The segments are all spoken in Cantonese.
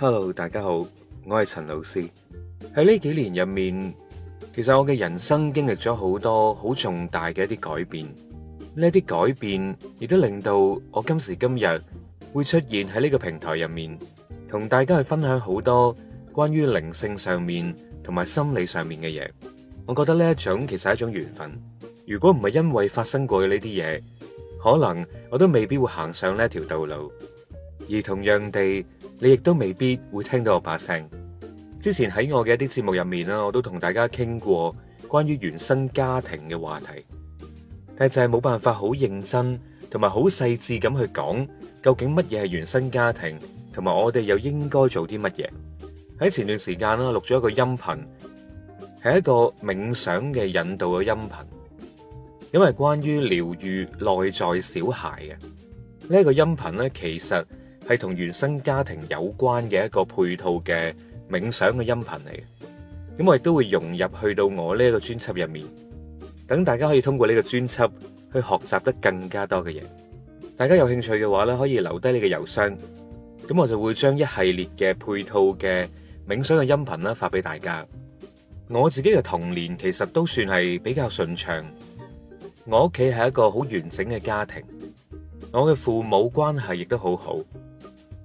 Hello，大家好，我係陳老師。喺呢幾年入面，其實我嘅人生經歷咗好多好重大嘅一啲改變，呢啲改變亦都令到我今時今日會出現喺呢個平台入面，同大家去分享好多關於靈性上面同埋心理上面嘅嘢。我覺得呢一種其實係一種緣分，如果唔係因為發生過嘅呢啲嘢，可能我都未必會行上呢條道路，而同樣地，你亦都未必會聽到我把聲。之前喺我嘅一啲節目入面啦，我都同大家傾過關於原生家庭嘅話題，但就係冇辦法好認真同埋好細緻咁去講究竟乜嘢係原生家庭，同埋我哋又應該做啲乜嘢。喺前段時間啦，錄咗一個音頻，係一個冥想嘅引導嘅音頻，因為關於療癒內在小孩嘅，呢個音頻咧，其實。係同原生家庭有關嘅一個配套嘅冥想嘅音頻嚟，咁我亦都會融入去到我呢個專輯入面，等大家可以通過呢個專輯去學習得更加多嘅嘢。大家有興趣嘅話咧，可以留低你嘅郵箱，咁我就會將一系列嘅配套嘅冥想嘅音頻啦發俾大家。我自己嘅童年其實都算係比較順暢，我屋企係一個好完整嘅家庭，我嘅父母關係亦都好好。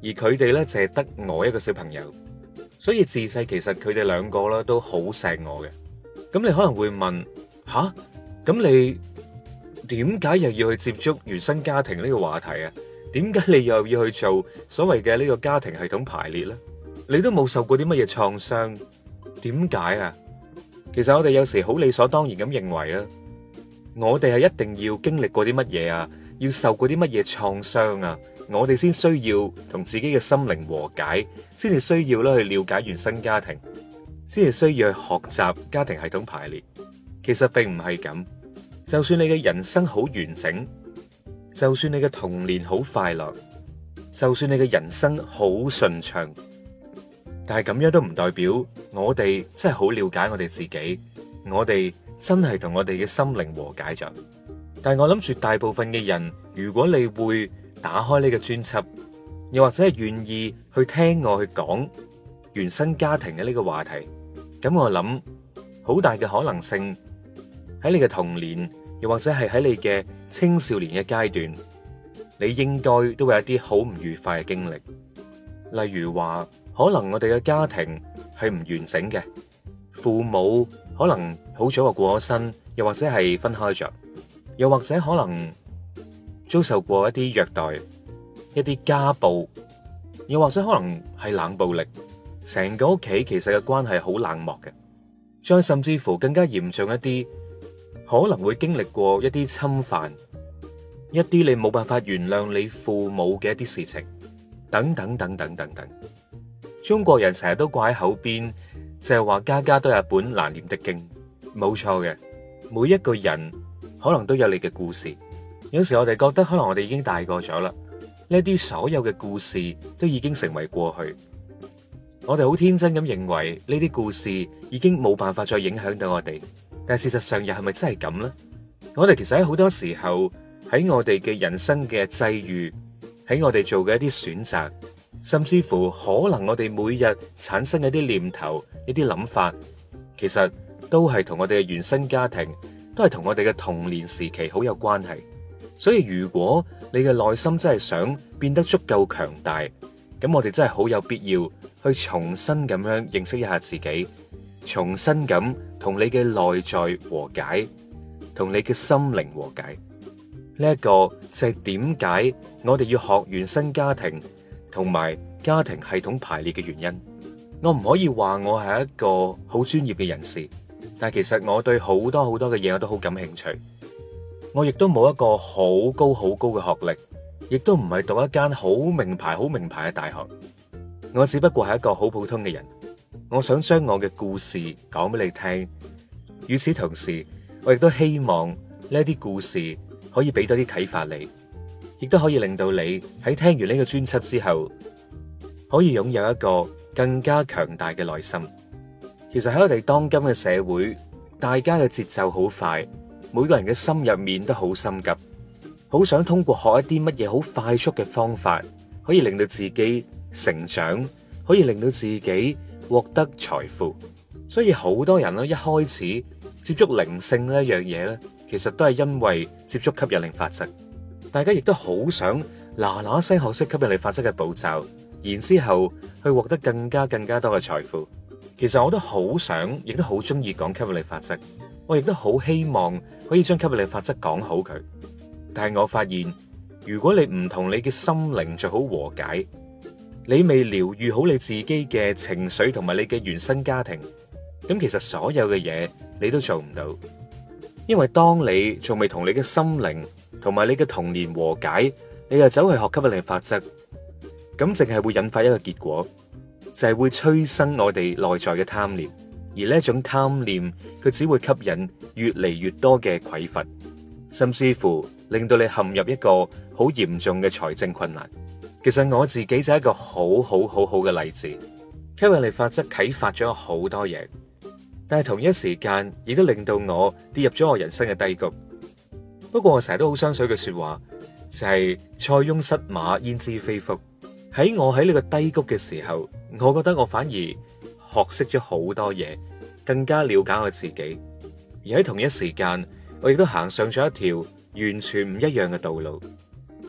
而佢哋咧淨係得我一個小朋友，所以自細其實佢哋兩個咧都好錫我嘅。咁你可能會問：吓，咁你點解又要去接觸原生家庭呢個話題啊？點解你又要去做所謂嘅呢個家庭系統排列咧？你都冇受過啲乜嘢創傷，點解啊？其實我哋有時好理所當然咁認為啦，我哋係一定要經歷過啲乜嘢啊，要受過啲乜嘢創傷啊？我哋先需要同自己嘅心靈和解，先至需要咧去了解原生家庭，先至需要去學習家庭系統排列。其實並唔係咁，就算你嘅人生好完整，就算你嘅童年好快樂，就算你嘅人生好順暢，但係咁樣都唔代表我哋真係好了解我哋自己，我哋真係同我哋嘅心靈和解着。但係我諗住大部分嘅人，如果你會。打開呢個專輯，又或者係願意去聽我去講原生家庭嘅呢個話題，咁我諗好大嘅可能性喺你嘅童年，又或者係喺你嘅青少年嘅階段，你應該都會有一啲好唔愉快嘅經歷，例如話可能我哋嘅家庭係唔完整嘅，父母可能好早就過咗身，又或者係分開着，又或者可能。遭受過一啲虐待、一啲家暴，又或者可能係冷暴力，成個屋企其實嘅關係好冷漠嘅，再甚至乎更加嚴重一啲，可能會經歷過一啲侵犯，一啲你冇辦法原諒你父母嘅一啲事情，等等等等等等。中國人成日都掛喺口邊，就係話家家都有一本難念的經，冇錯嘅，每一個人可能都有你嘅故事。有時我哋覺得可能我哋已經大個咗啦，呢啲所有嘅故事都已經成為過去。我哋好天真咁認為呢啲故事已經冇辦法再影響到我哋，但事實上又係咪真係咁呢？我哋其實喺好多時候喺我哋嘅人生嘅際遇，喺我哋做嘅一啲選擇，甚至乎可能我哋每日產生嘅一啲念頭、一啲諗法，其實都係同我哋嘅原生家庭，都係同我哋嘅童年時期好有關係。所以如果你嘅內心真係想變得足夠強大，咁我哋真係好有必要去重新咁樣認識一下自己，重新咁同你嘅內在和解，同你嘅心靈和解。呢、這、一個就係點解我哋要學原生家庭同埋家庭系統排列嘅原因。我唔可以話我係一個好專業嘅人士，但其實我對好多好多嘅嘢我都好感興趣。我亦都冇一個好高好高嘅學歷，亦都唔係讀一間好名牌好名牌嘅大學。我只不過係一個好普通嘅人。我想將我嘅故事講俾你聽，與此同時，我亦都希望呢啲故事可以俾多啲啟發你，亦都可以令到你喺聽完呢個專輯之後，可以擁有一個更加強大嘅內心。其實喺我哋當今嘅社會，大家嘅節奏好快。每個人嘅心入面都好心急，好想通過學一啲乜嘢好快速嘅方法，可以令到自己成長，可以令到自己獲得財富。所以好多人咧，一開始接觸靈性呢一樣嘢咧，其實都係因為接觸吸引力法則。大家亦都好想嗱嗱聲學識吸引力法則嘅步驟，然之後去獲得更加更加多嘅財富。其實我都好想，亦都好中意講吸引力法則。我亦都好希望可以將吸引力法則講好佢，但係我發現如果你唔同你嘅心靈做好和解，你未療愈好你自己嘅情緒同埋你嘅原生家庭，咁其實所有嘅嘢你都做唔到，因為當你仲未同你嘅心靈同埋你嘅童年和解，你又走去學吸引力法則，咁淨係會引發一個結果，就係會催生我哋內在嘅貪念。而呢種貪念，佢只會吸引越嚟越多嘅匱乏，甚至乎令到你陷入一個好嚴重嘅財政困難。其實我自己就係一個很很很好好好好嘅例子，吸引力法則啟發咗好多嘢，但係同一時間亦都令到我跌入咗我人生嘅低谷。不過我成日都好相信一句說話，就係、是、塞翁失馬，焉知非福。喺我喺呢個低谷嘅時候，我覺得我反而。學識咗好多嘢，更加了解我自己。而喺同一時間，我亦都行上咗一條完全唔一樣嘅道路，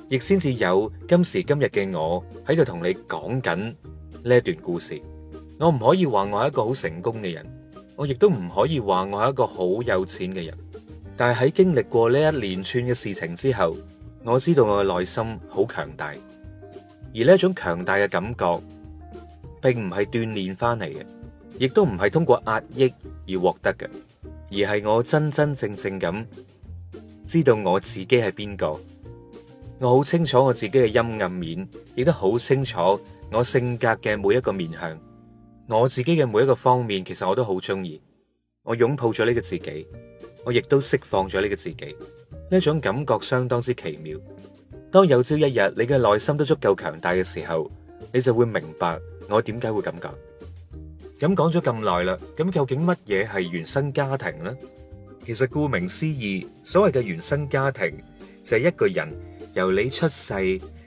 亦先至有今時今日嘅我喺度同你講緊呢段故事。我唔可以話我係一個好成功嘅人，我亦都唔可以話我係一個好有錢嘅人。但係喺經歷過呢一連串嘅事情之後，我知道我嘅內心好強大。而呢種強大嘅感覺，並唔係鍛煉翻嚟嘅。亦都唔係通過壓抑而獲得嘅，而係我真真正正咁知道我自己係邊個，我好清楚我自己嘅陰暗面，亦都好清楚我性格嘅每一個面向，我自己嘅每一個方面，其實我都好中意。我擁抱咗呢個自己，我亦都釋放咗呢個自己，呢種感覺相當之奇妙。當有朝一日你嘅內心都足夠強大嘅時候，你就會明白我點解會咁講。咁講咗咁耐啦，咁究竟乜嘢係原生家庭呢？其實顧名思義，所謂嘅原生家庭就係一個人由你出世，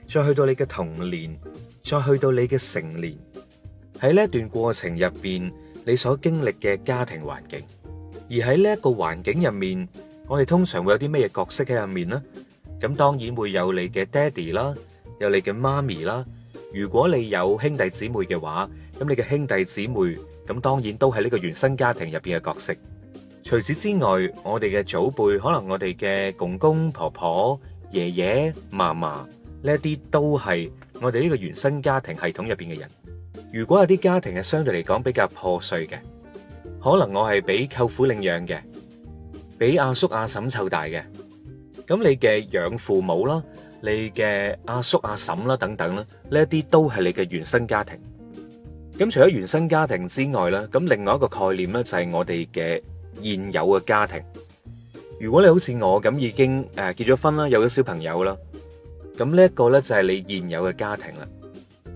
再去到你嘅童年，再去到你嘅成年，喺呢一段過程入邊，你所經歷嘅家庭環境。而喺呢一個環境入面，我哋通常會有啲咩嘢角色喺入面呢？咁當然會有你嘅爹哋啦，有你嘅媽咪啦。如果你有兄弟姊妹嘅話。咁你嘅兄弟姊妹咁，當然都係呢個原生家庭入邊嘅角色。除此之外，我哋嘅祖輩，可能我哋嘅公公婆婆、爺爺嫲嫲，呢一啲都係我哋呢個原生家庭系統入邊嘅人。如果有啲家庭係相對嚟講比較破碎嘅，可能我係俾舅父領養嘅，俾阿叔阿嬸湊大嘅。咁你嘅養父母啦，你嘅阿叔阿嬸啦，等等啦，呢一啲都係你嘅原生家庭。咁除咗原生家庭之外咧，咁另外一個概念咧就係我哋嘅現有嘅家庭。如果你好似我咁已經誒結咗婚啦，有咗小朋友啦，咁呢一個咧就係你現有嘅家庭啦。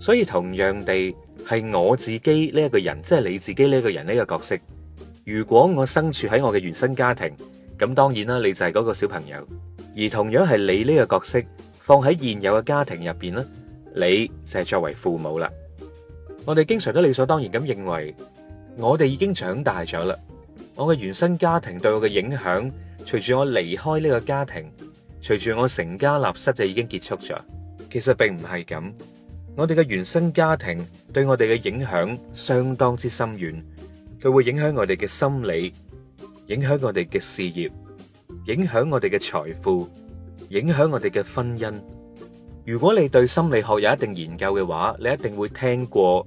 所以同樣地係我自己呢一個人，即係你自己呢個人呢個角色。如果我身處喺我嘅原生家庭，咁當然啦，你就係嗰個小朋友。而同樣係你呢個角色放喺現有嘅家庭入邊啦，你就係作為父母啦。我哋經常都理所當然咁認為，我哋已經長大咗啦。我嘅原生家庭對我嘅影響，隨住我離開呢個家庭，隨住我成家立室就已經結束咗。其實並唔係咁，我哋嘅原生家庭對我哋嘅影響相當之深遠，佢會影響我哋嘅心理，影響我哋嘅事業，影響我哋嘅財富，影響我哋嘅婚姻。如果你對心理學有一定研究嘅話，你一定會聽過。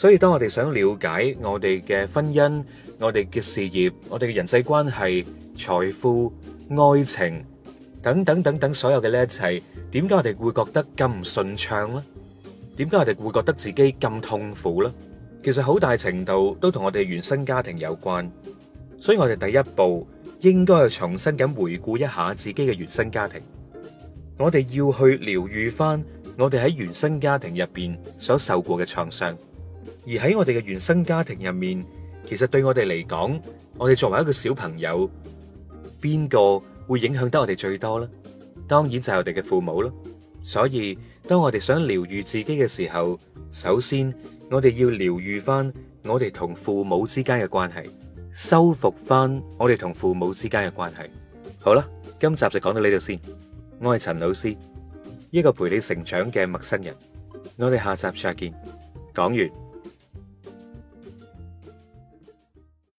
所以當我哋想了解我哋嘅婚姻、我哋嘅事業、我哋嘅人際關係、財富、愛情等等等等所有嘅呢一切，點解我哋會覺得咁唔順暢呢？點解我哋會覺得自己咁痛苦呢？其實好大程度都同我哋原生家庭有關，所以我哋第一步應該去重新咁回顧一下自己嘅原生家庭，我哋要去療癒翻我哋喺原生家庭入邊所受過嘅創傷。而喺我哋嘅原生家庭入面，其實對我哋嚟講，我哋作為一個小朋友，邊個會影響得我哋最多咧？當然就係我哋嘅父母咯。所以當我哋想療愈自己嘅時候，首先我哋要療愈翻我哋同父母之間嘅關係，修復翻我哋同父母之間嘅關係。好啦，今集就講到呢度先。我係陳老師，一個陪你成長嘅陌生人。我哋下集再見。講完。